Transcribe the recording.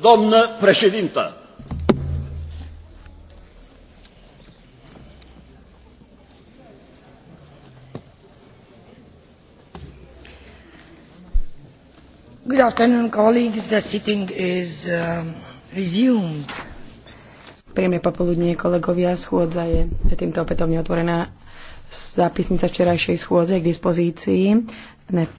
Doamnă președintă! Good afternoon, colleagues. The sitting is uh, resumed. Príjemné popoludnie, kolegovia. Schôdza je týmto opätovne otvorená. Zápisnica včerajšej schôdze je k dispozícii.